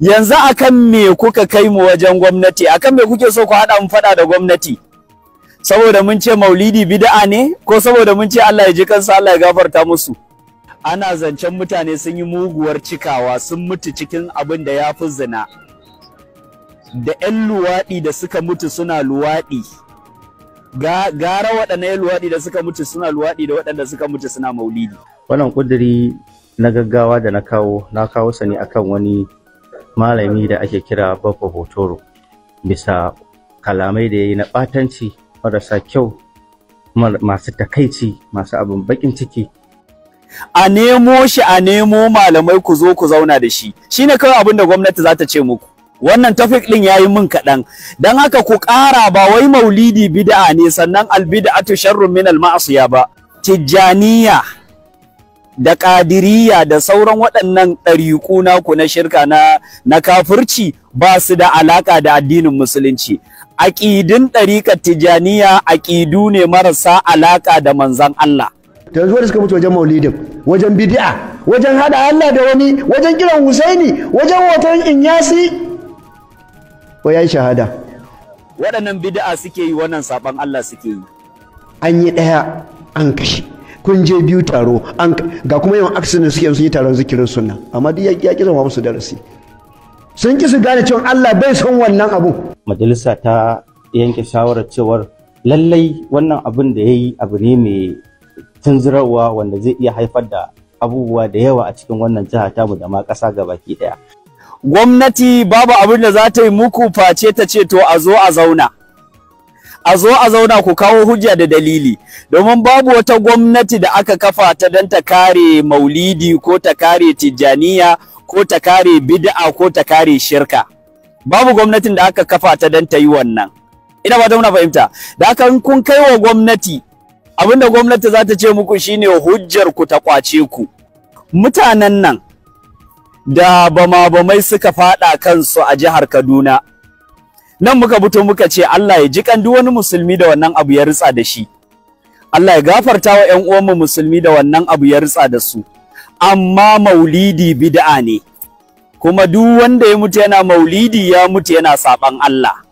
yanzu akan me kuka kai mu wajen gwamnati akan me kuke so ku haɗa mu faɗa da gwamnati saboda mun ce maulidi bid'a ne ko saboda mun ce Allah ya ji kansa Allah ya gafarta musu ana zancen mutane sun yi muguwar cikawa sun mutu cikin abin da ya fi zina da 'yan luwaɗi da suka mutu suna luwaɗi gara waɗanne 'yan luwaɗi da suka mutu suna luwaɗi da waɗanda suka mutu suna maulidi wannan ƙuduri na gaggawa da na kawo na kawo sa ne akan wani malami da ake kira Babba Hotoro bisa kalamai da ya yi na ɓatanci marasa kyau masu takaici masu abin bakin ciki a nemo shi a nemo malamai ku zo ku zauna da shi shi ne kawai abin da gwamnati za ta ce muku wannan ɗin ya yi min kaɗan don haka ku ƙara ba wai maulidi bid'a ne sannan a sharrun min al-ma'siya ba tijjaniya da ƙadiriya da sauran waɗannan ɗariƙu naku na shirka na, na kafirci ba su da alaƙa da addinin musulunci. Aƙidin ɗariƙar tijaniya aƙidu ne marasa alaƙa da manzan Allah. ta yanzu suka mutu wajen maulidin wajen bidi'a, wajen hada Allah da wani wajen kiran Husaini wajen watan Inyasi wa yi shahada waɗannan bidi'a suke yi wannan saɓon Allah suke yi an yi ɗaya an kashe kun je biyu taro ga kuma yawan aksinin suke sun yi taron zikirin sunna amma duk ya ki zama musu darasi sun ki su gane cewa Allah bai son wannan abu. majalisa ta yanke shawarar cewar lallai wannan abin da yayi abu ne mai tunzurawa wanda zai iya haifar da abubuwa da yawa a cikin wannan jiha tamu da ma ƙasa gabaki ɗaya. gwamnati babu abin da za ta yi muku face ta ce to a zo a zauna a zo a zauna ku kawo hujja da dalili domin babu wata gwamnati da aka kafa ta don ta kare maulidi ko ta kare tijjaniya ko ta kare bid'a ko ta kare shirka babu gwamnatin da aka kafa ta don ta yi wannan ina ba ta muna fahimta da aka kun kai wa gwamnati abinda gwamnati za ta ce muku shine hujjar ku ta kwace ku mutanen nan da bama bamai suka fada kansu a jihar Kaduna nan muka fito muka ce Allah ya ji kan duk wani musulmi da wannan abu ya rutsa da shi Allah ya gafarta wa ƴan uwanmu musulmi da wannan abu ya rutsa da su amma maulidi bid'a ne kuma duk wanda ya mutu yana maulidi ya mutu yana saban Allah